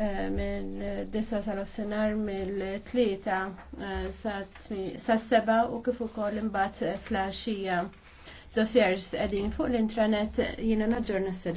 Eh, minn disa sal-ofsenar mill-tlieta eh, sa seba u kif ukoll imbagħad flaxija dossiers qegħdin fuq l-intranet jiena naġġorna s